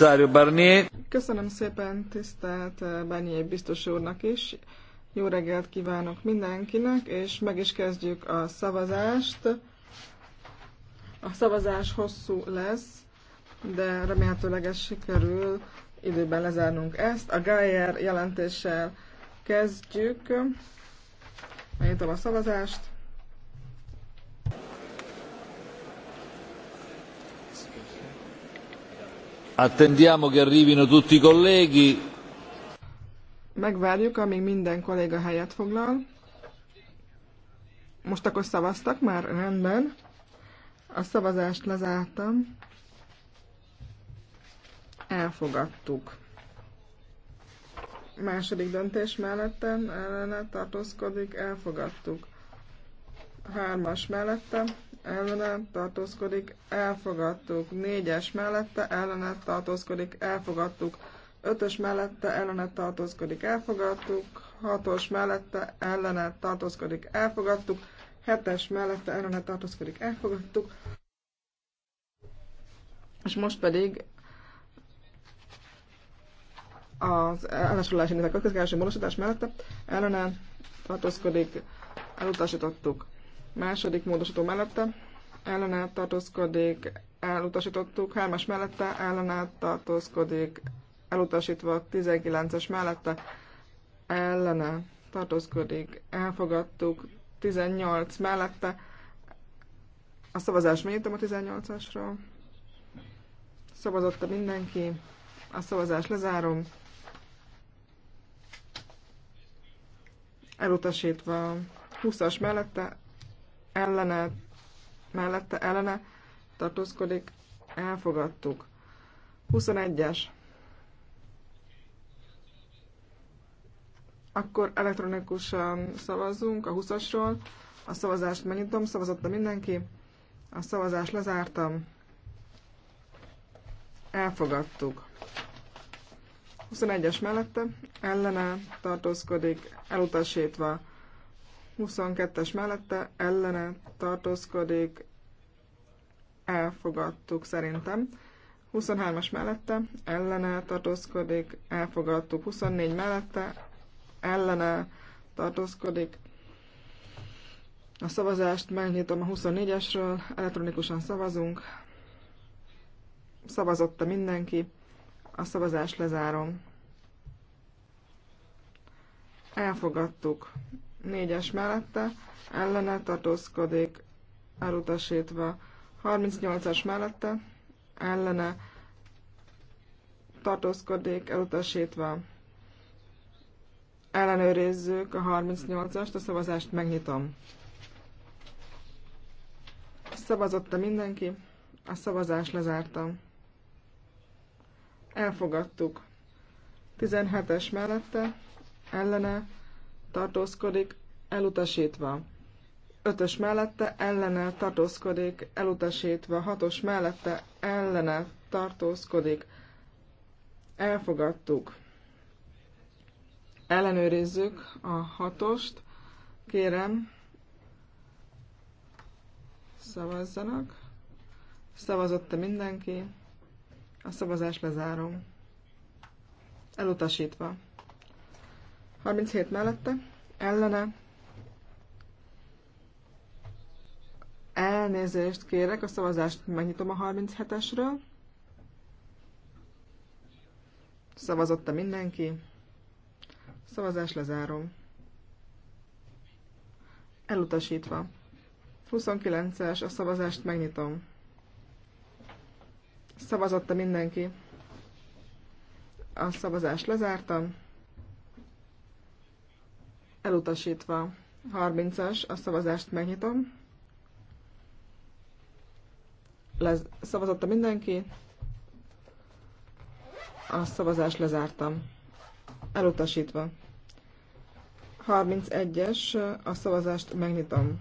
Commissario Barnier. Köszönöm szépen tisztelt eh, Barnier biztos úrnak is. Jó reggelt kívánok mindenkinek, és meg is kezdjük a szavazást. A szavazás hosszú lesz, de remélhetőleg ez sikerül időben lezárnunk ezt. A Geyer jelentéssel kezdjük. Megnyitom a szavazást. Attendiamo che arrivino tutti i colleghi. Megvárjuk, amíg minden kolléga helyet foglal. Most akkor szavaztak már? Rendben. A szavazást lezártam. Elfogadtuk. Második döntés mellettem ellene tartózkodik, elfogadtuk. Hármas mellettem ellene tartózkodik, elfogadtuk. Négyes mellette ellene tartózkodik, elfogadtuk. Ötös mellette ellene tartózkodik, elfogadtuk. Hatos mellette ellene tartózkodik, elfogadtuk. Hetes mellette ellene tartózkodik, elfogadtuk. És most pedig az állásolási nézek a közgállási módosítás mellette ellene tartózkodik, elutasítottuk. Második módosító mellette ellenállt tartózkodik, elutasítottuk. Hármas mellette ellenállt tartózkodik, elutasítva. 19-es mellette ellene tartózkodik, elfogadtuk. 18 mellette a szavazás megnyitom a 18 asra Szavazotta mindenki. A szavazás lezárom. Elutasítva 20-as mellette ellene, mellette ellene tartózkodik, elfogadtuk. 21-es. Akkor elektronikusan szavazunk a 20-asról. A szavazást megnyitom, szavazotta mindenki. A szavazást lezártam. Elfogadtuk. 21-es mellette ellene tartózkodik, elutasítva. 22-es mellette ellene tartózkodik, elfogadtuk szerintem. 23-as mellette ellene tartózkodik, elfogadtuk. 24 mellette ellene tartózkodik. A szavazást megnyitom a 24-esről, elektronikusan szavazunk. Szavazotta mindenki, a szavazást lezárom. Elfogadtuk négyes mellette ellene tartózkodik elutasítva. 38-as mellette ellene tartózkodik elutasítva. Ellenőrizzük a 38-ast, a szavazást megnyitom. szavazott mindenki? A szavazást lezártam. Elfogadtuk. 17-es mellette ellene tartózkodik, elutasítva. Ötös mellette ellene tartózkodik, elutasítva. Hatos mellette ellene tartózkodik. Elfogadtuk. Ellenőrizzük a hatost. Kérem, szavazzanak. Szavazott-e mindenki? A szavazás lezárom. Elutasítva. 37 mellette, ellene. Elnézést kérek, a szavazást megnyitom a 37-esről. Szavazotta mindenki. Szavazás lezárom. Elutasítva. 29-es, a szavazást megnyitom. Szavazotta mindenki. A szavazást lezártam elutasítva. 30-as, a szavazást megnyitom. Lez, szavazotta mindenki. A szavazást lezártam. Elutasítva. 31-es, a szavazást megnyitom.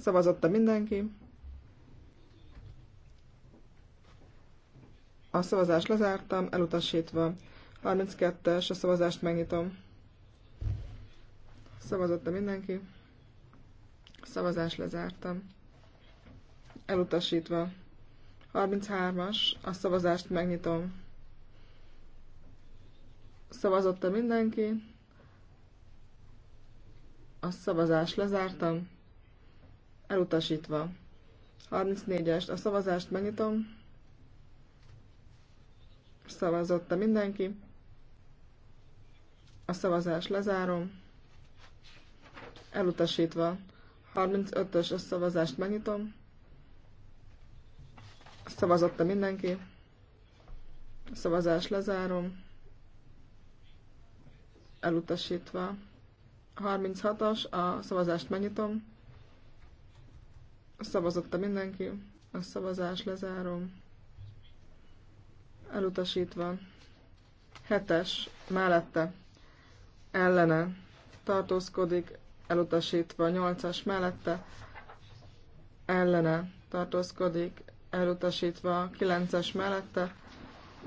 Szavazotta mindenki. A szavazást lezártam, elutasítva. 32-es, a szavazást megnyitom a mindenki. Szavazás lezártam. Elutasítva. 33-as. A szavazást megnyitom. a mindenki. A szavazást lezártam. Elutasítva. 34 es A szavazást megnyitom. a mindenki. A szavazást lezárom elutasítva. 35-ös a szavazást megnyitom. Szavazotta mindenki. A szavazás lezárom. Elutasítva. 36-as, a szavazást megnyitom. Szavazotta mindenki. A szavazás lezárom. Elutasítva. 7-es, mellette. Ellene. Tartózkodik, elutasítva, a nyolcas mellette ellene tartózkodik, elutasítva, a kilences mellette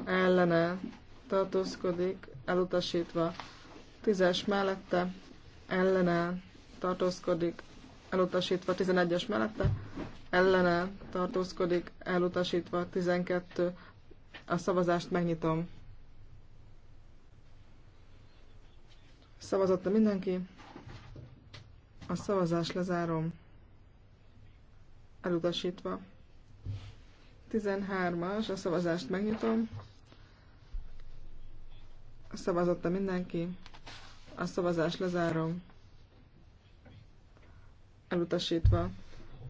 ellene tartózkodik, elutasítva, 10 mellette ellene tartózkodik, elutasítva, tizenegyes mellette ellene tartózkodik, elutasítva, tizenkettő a szavazást megnyitom. Szavazott mindenki? A szavazás lezárom. Elutasítva. 13-as, a szavazást megnyitom. Szavazotta mindenki. A szavazás lezárom. Elutasítva.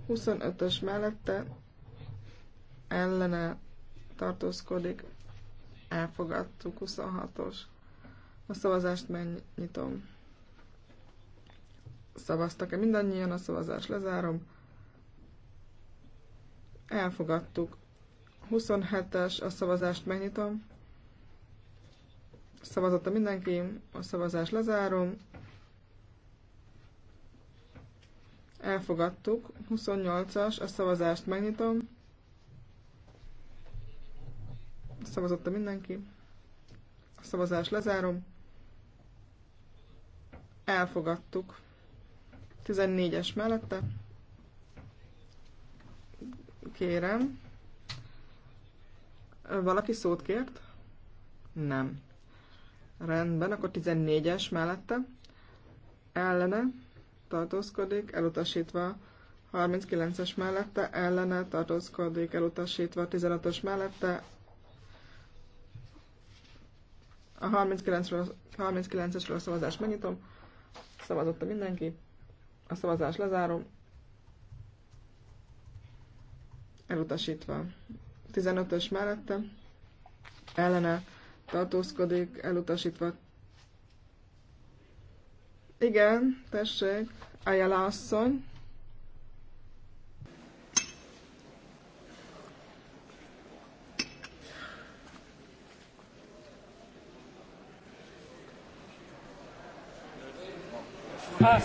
25-ös mellette ellene tartózkodik. Elfogadtuk 26-os. A szavazást megnyitom. Szavaztak-e mindannyian? A szavazás lezárom. Elfogadtuk. 27-es, a szavazást megnyitom. szavazott a mindenki? A szavazás lezárom. Elfogadtuk. 28-as, a szavazást megnyitom. szavazott a mindenki? A szavazást lezárom. Elfogadtuk. 14-es mellette. Kérem. Valaki szót kért? Nem. Rendben, akkor 14-es mellette. Ellene tartózkodik, elutasítva 39-es mellette, ellene tartózkodik, elutasítva 15-ös mellette. A 39-esről 39 a szavazást megnyitom. Szavazotta mindenki. A szavazás lezárom. Elutasítva. 15-ös mellette. Ellene tartózkodik, elutasítva. Igen, tessék, Ayala asszony. Ah,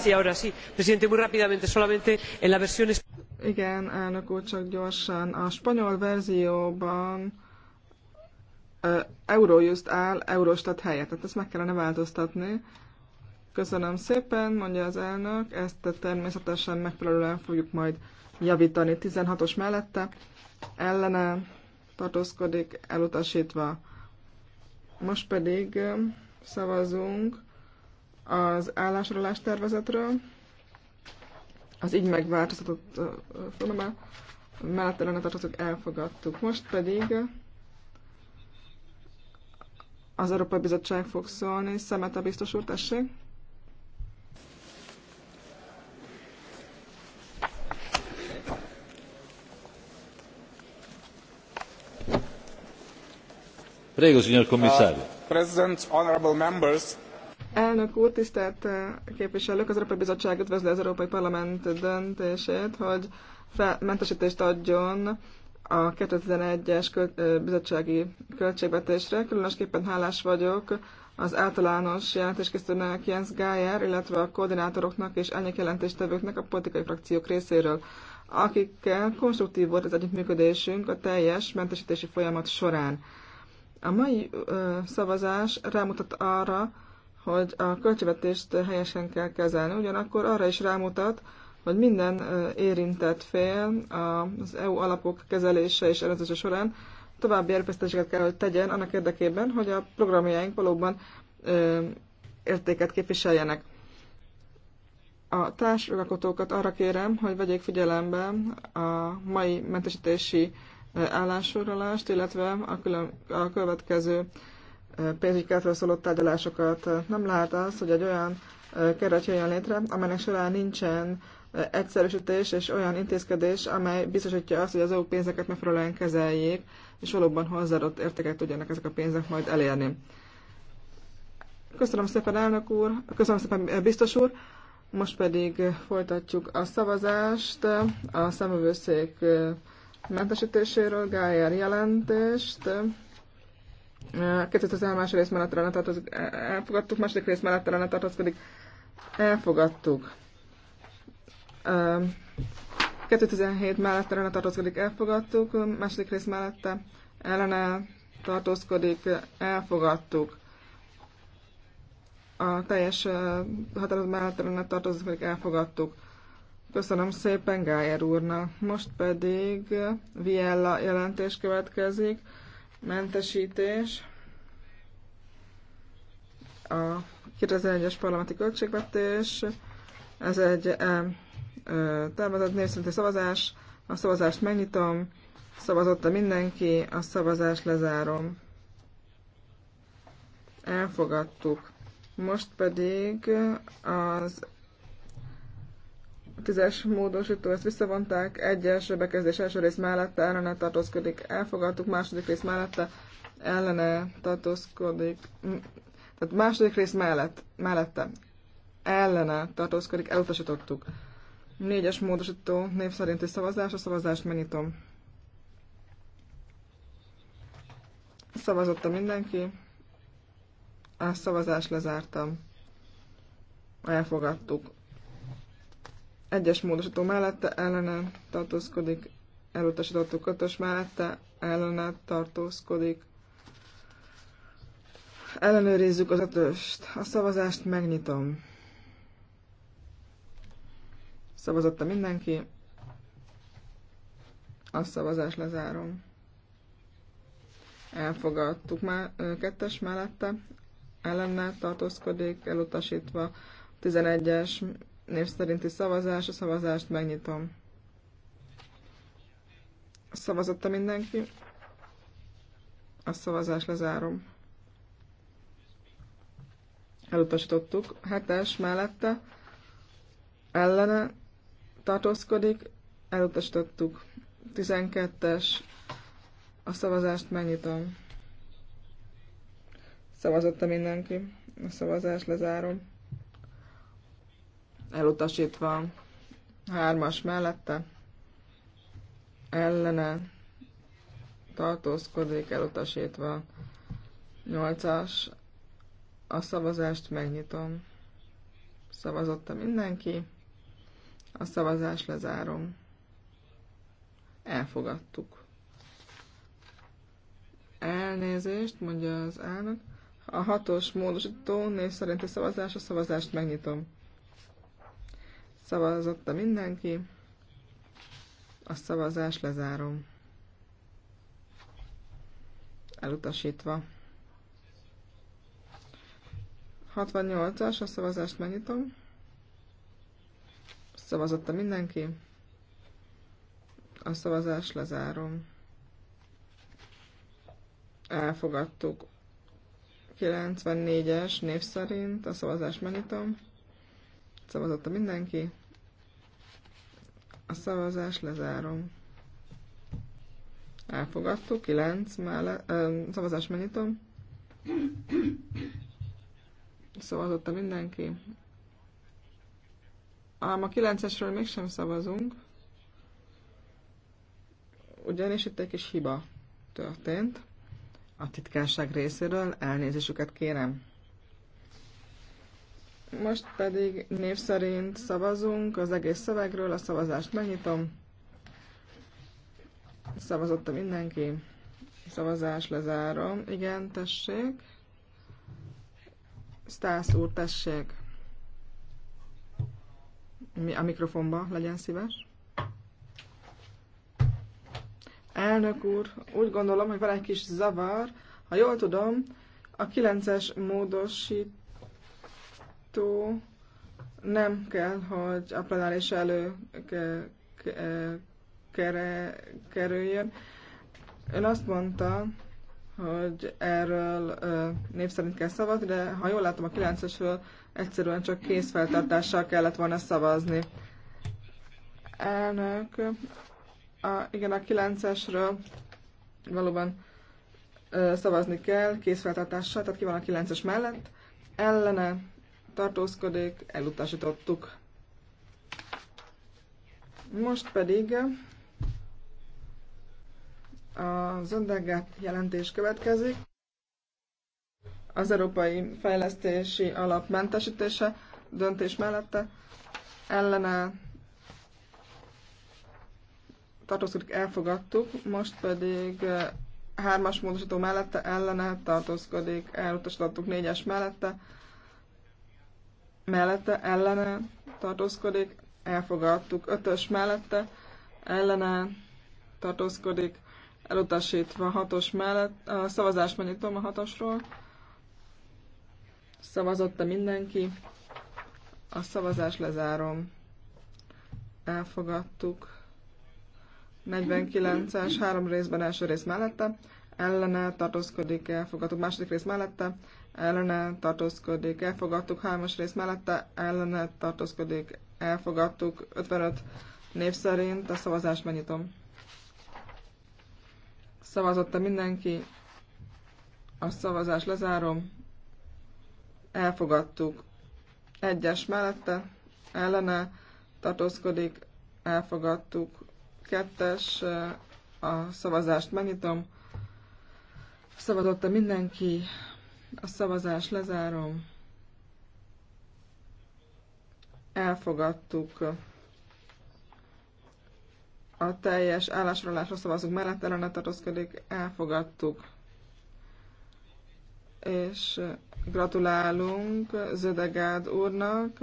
Igen, elnök úr, csak gyorsan. A spanyol verzióban uh, Eurojust áll Eurostat helyett, tehát ezt meg kellene változtatni. Köszönöm szépen, mondja az elnök, ezt természetesen megfelelően fogjuk majd javítani. 16-os mellette ellene tartózkodik, elutasítva. Most pedig szavazunk az állásolás tervezetről, az így megváltoztatott formában mellett ellene tartozók elfogadtuk. Most pedig az Európai Bizottság fog szólni. Szemet a biztos úr, tessék! Prego, signor commissario. Uh, President, honorable members, Elnök úr, tisztelt eh, képviselők, az Európai Bizottság üdvözli az Európai Parlament döntését, hogy fel, mentesítést adjon a 2011-es köl, eh, bizottsági költségvetésre. Különösképpen hálás vagyok az általános jelentéskészítőnek Jens Geyer, illetve a koordinátoroknak és elnyek jelentéstevőknek a politikai frakciók részéről, akikkel konstruktív volt az együttműködésünk a teljes mentesítési folyamat során. A mai ö, szavazás rámutat arra, hogy a költségvetést helyesen kell kezelni. Ugyanakkor arra is rámutat, hogy minden érintett fél az EU alapok kezelése és előzése során további erőfeszítéseket kell, hogy tegyen annak érdekében, hogy a programjaink valóban értéket képviseljenek. A társjogalkotókat arra kérem, hogy vegyék figyelembe a mai mentesítési állásfoglalást, illetve a, külön, a következő pénzügyi keretről szóló tárgyalásokat. Nem lehet az, hogy egy olyan keret jöjjön létre, amelynek során nincsen egyszerűsítés és olyan intézkedés, amely biztosítja azt, hogy az EU pénzeket megfelelően kezeljék, és valóban hozzáadott értéket tudjanak ezek a pénzek majd elérni. Köszönöm szépen, elnök úr, köszönöm szépen, biztos úr. Most pedig folytatjuk a szavazást a szemövőszék mentesítéséről, Gájer jelentést. Két az első rész mellett ellene tartozik, e- elfogadtuk, második rész mellett ellene tartozkodik, elfogadtuk. 2017 mellett ellene tartózkodik, elfogadtuk, második rész mellette ellene tartózkodik, elfogadtuk. A teljes határozat mellett ellene tartózkodik, elfogadtuk. Köszönöm szépen Gájer úrnak. Most pedig Viella jelentés következik mentesítés, a 2001-es parlamenti költségvetés, ez egy e, e, támadott népszerinti szavazás, a szavazást megnyitom, szavazotta mindenki, a szavazást lezárom. Elfogadtuk. Most pedig az Tízes módosító, ezt visszavonták, egyes bekezdés első rész mellette ellene tartózkodik, elfogadtuk, második rész mellette ellene tartózkodik, tehát második rész mellett, mellette ellene tartózkodik, elutasítottuk. Négyes módosító név szerinti szavazás, a szavazást megnyitom. Szavazotta mindenki, a szavazást lezártam. Elfogadtuk. Egyes módosító mellette ellene tartózkodik, elutasítottuk ötös mellette ellene tartózkodik. Ellenőrizzük az ötöst. A szavazást megnyitom. Szavazotta mindenki. A szavazást lezárom. Elfogadtuk már kettes mellette. Ellennel tartózkodik, elutasítva 11-es név szerinti szavazás, a szavazást megnyitom. Szavazotta mindenki? A szavazás lezárom. Elutasítottuk. Hetes mellette ellene tartózkodik, elutasítottuk. 12-es a szavazást megnyitom. Szavazotta mindenki. A szavazást lezárom elutasítva. Hármas mellette ellene tartózkodik, elutasítva. Nyolcas a szavazást megnyitom. Szavazotta mindenki. A szavazás lezárom. Elfogadtuk. Elnézést, mondja az elnök. A hatos módosító név szerinti szavazás, a szavazást megnyitom. Szavazotta mindenki. A szavazás lezárom. Elutasítva. 68-as, a szavazást megnyitom. Szavazotta mindenki. A szavazás lezárom. Elfogadtuk. 94-es név szerint a szavazást megnyitom. Szavazott mindenki. A szavazás lezárom. Elfogadtuk. 9 mellett. Szavazás megnyitom. Szavazott mindenki. Ám a 9-esről mégsem szavazunk. Ugyanis itt egy kis hiba történt a titkárság részéről. Elnézésüket kérem. Most pedig név szerint szavazunk az egész szövegről, a szavazást megnyitom. Szavazotta mindenki. Szavazás lezárom. Igen, tessék. Stász úr, tessék. Mi a mikrofonba, legyen szíves. Elnök úr, úgy gondolom, hogy van egy kis zavar. Ha jól tudom, a 9-es módosít sajtó nem kell, hogy a plenáris elő e- kerüljön. Ön azt mondta, hogy erről név szerint kell szavazni, de ha jól látom, a 9-esről egyszerűen csak készfeltartással kellett volna szavazni. Elnök, a, igen, a 9-esről valóban szavazni kell készfeltartással, tehát ki van a 9-es mellett, ellene tartózkodik, elutasítottuk. Most pedig a Zondergát jelentés következik. Az Európai Fejlesztési Alap mentesítése döntés mellette ellene tartózkodik, elfogadtuk, most pedig hármas módosító mellette ellene tartózkodik, elutasítottuk négyes mellette mellette ellene tartózkodik, elfogadtuk. Ötös mellette ellene tartózkodik, elutasítva hatos mellett. A szavazás megnyitom a hatosról. Szavazott-e mindenki? A szavazás lezárom. Elfogadtuk. 49-es, három részben első rész mellette, ellene tartózkodik, elfogadtuk második rész mellette, ellene tartózkodik, elfogadtuk, hármas rész mellette ellene tartózkodik, elfogadtuk, 55 név szerint a szavazást megnyitom. Szavazotta mindenki, a szavazás lezárom, elfogadtuk, egyes mellette ellene tartózkodik, elfogadtuk, kettes, a szavazást megnyitom, szavazotta mindenki, a szavazás lezárom. Elfogadtuk a teljes állásrólásra szavazunk mellett, ellene tartozkodik. elfogadtuk. És gratulálunk Zödegád úrnak.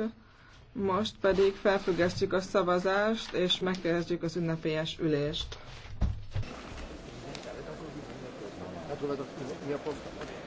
Most pedig felfüggesztjük a szavazást, és megkezdjük az ünnepélyes ülést. Mi a